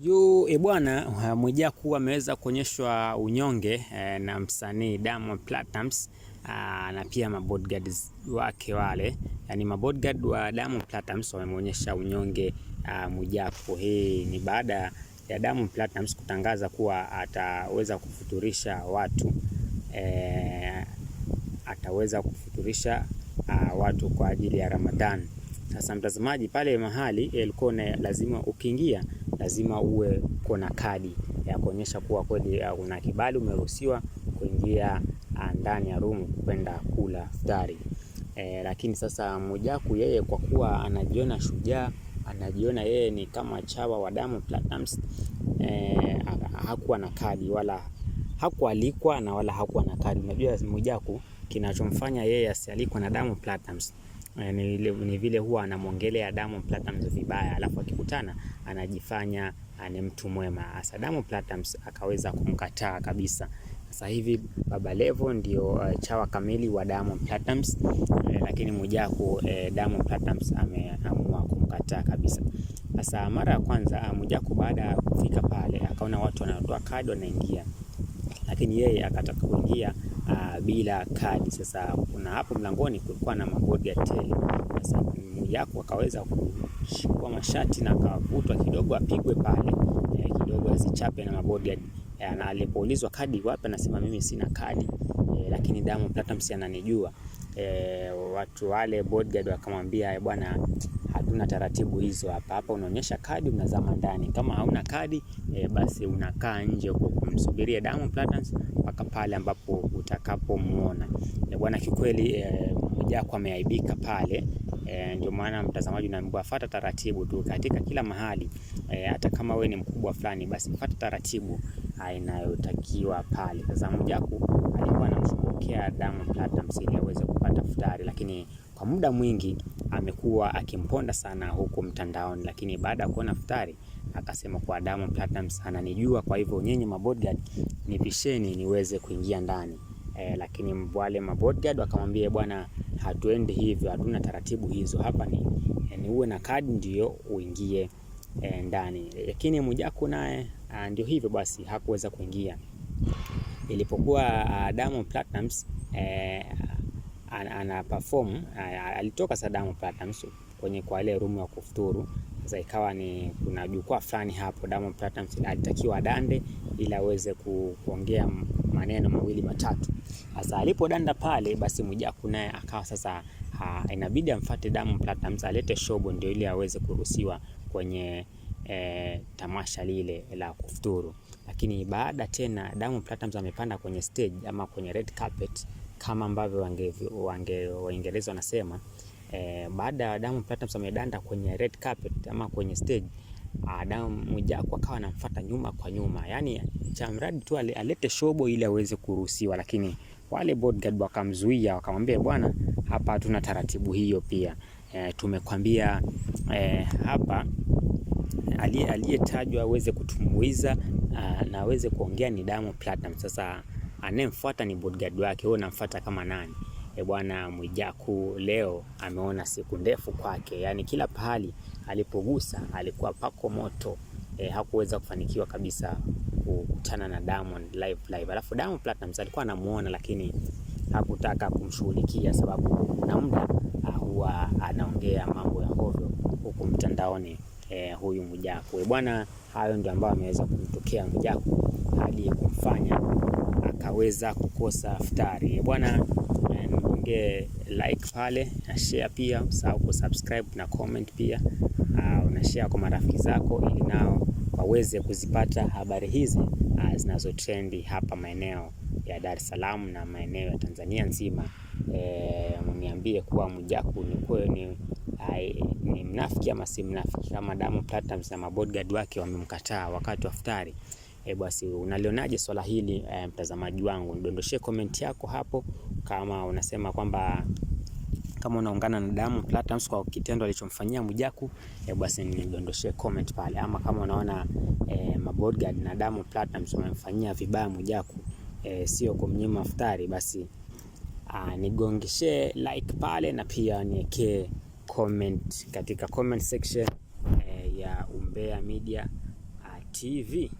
juu e bwana Mwijaku ameweza kuonyeshwa unyonge e, na msanii Diamond Platnumz na pia mabodyguard wake wale, yani mabodyguard wa Diamond Platnumz wamemuonyesha unyonge Mwijaku. Hii ni baada ya Diamond Platnumz kutangaza kuwa ataweza kufuturisha watu e, ataweza kufuturisha a, watu kwa ajili ya ramadhan Sasa mtazamaji, pale mahali ilikuwa e, lazima ukiingia lazima uwe uko na kadi ya kuonyesha kuwa kweli eh, una kibali, umeruhusiwa kuingia ah, ndani ya room kwenda kula futari. E, eh, lakini sasa Mwijaku yeye kwa kuwa anajiona shujaa, anajiona yeye ni kama chawa wa damu Platinums, e, eh, hakuwa na kadi wala hakualikwa na wala hakuwa na kadi. Unajua Mwijaku kinachomfanya yeye asialikwa na damu Platinums Eh, ni, ni vile huwa anamwongelea Diamond Platnumz vibaya, alafu akikutana anajifanya ni mtu mwema. Hasa Diamond Platnumz akaweza kumkataa kabisa. Sasa hivi Baba Levo ndio uh, chawa kamili wa Diamond Platnumz, eh, lakini Mwijaku eh, Diamond Platnumz ameamua kumkataa kabisa. Sasa mara ya kwanza ah, Mwijaku baada ya kufika pale akaona watu wanatoa kadi wanaingia, lakini yeye akataka kuingia uh, bila kadi. Sasa kuna hapo mlangoni kulikuwa na mabodyguard sasa mmoja akaweza kuchukua mashati na akavutwa kidogo apigwe pale eh, kidogo asichape na mabodyguard eh, na alipoulizwa kadi wapi, anasema mimi sina kadi eh, lakini Diamond Platnumz ananijua. E, watu wale bodyguard wakamwambia eh, bwana, hatuna taratibu hizo hapa. Hapa unaonyesha kadi, unazama ndani. Kama hauna kadi e, basi unakaa nje huko kumsubiria Diamond Platnumz mpaka pale ambapo utakapomuona E, eh, bwana. Kikweli e, Mwijaku ameaibika pale. E, ndio maana mtazamaji unaambiwa fuata taratibu tu katika kila mahali e, hata kama we ni mkubwa fulani, basi fuata taratibu inayotakiwa pale. Sasa Mwijaku alikuwa anamshughulikia Diamond Platnumz ili aweze kupata futari, lakini kwa muda mwingi amekuwa akimponda sana huku mtandaoni, lakini baada ya kuona futari akasema kwa Diamond Platnumz ananijua, kwa hivyo nyinyi mabodyguard nipisheni niweze kuingia ndani e, lakini wale mabodyguard wakamwambia e bwana, hatuendi hivyo, hatuna taratibu hizo, hapa ni e, ni uwe na kadi ndio uingie e, ndani. Lakini Mwijaku naye ndio hivyo basi hakuweza kuingia. Ilipokuwa Diamond Platnumz e, ana, perform alitoka Sadam Platnumz kwenye kwa ile room ya kufuturu. Sasa ikawa ni kuna jukwaa fulani hapo, Diamond Platnumz alitakiwa dande ili aweze kuongea maneno mawili matatu. Sasa alipodanda pale, basi Mwijaku naye akawa sasa ha, inabidi amfuate Diamond Platnumz alete shobo ndio ili aweze kuruhusiwa kwenye e, tamasha lile la kufuturu. Lakini baada tena Diamond Platnumz amepanda kwenye stage ama kwenye red carpet kama ambavyo wange, wange, Waingereza wanasema eh, baada ya Diamond Platnumz amedanda kwenye red carpet ama kwenye stage Adamu Mwijaku akawa anamfuata nyuma kwa nyuma, yaani cha mradi tu alete shobo ili aweze kuruhusiwa, lakini wale bodyguard wakamzuia, wakamwambia bwana, hapa hatuna taratibu hiyo. Pia e, tumekwambia e, hapa aliyetajwa aweze kutumbuiza ah, na aweze kuongea ni Diamond Platnumz sasa anayemfuata ni bodyguard wake, wewe unamfuata kama nani? E bwana, Mwijaku leo ameona siku ndefu kwake, yaani kila pahali alipogusa alikuwa pako moto e, hakuweza kufanikiwa kabisa kukutana na Diamond live live. Alafu Diamond Platnumz alikuwa anamuona, lakini hakutaka kumshughulikia sababu na muda ah, huwa anaongea mambo ya hovyo huku mtandaoni e, huyu Mwijaku e bwana, hayo ndio ambayo ameweza kumtokea Mwijaku hadi kumfanya akaweza kukosa futari. Bwana, nigonge like pale na share pia, usahau kusubscribe na comment pia. Uh, share kwa marafiki zako ili nao waweze kuzipata habari hizi uh, ah, zinazotrendi hapa maeneo ya Dar es Salaam na maeneo ya Tanzania nzima. E, mniambie kuwa Mwijaku ni kweli ni mnafiki ama si mnafiki, kama Diamond Platnumz na mabodyguard wake wamemkataa wakati wa futari. E, basi unalionaje swala hili e, mtazamaji wangu, nidondoshie comment yako hapo, kama unasema kwamba kama unaungana na Diamond Platnumz kwa kitendo alichomfanyia Mwijaku, e, basi nidondoshie comment pale, ama kama unaona e, mabodyguard na Diamond Platnumz wamemfanyia vibaya Mwijaku, e, sio kumnyima iftari, basi ah, nigongeshe like pale na pia niekee comment katika comment section e, ya Umbea Media ah, TV.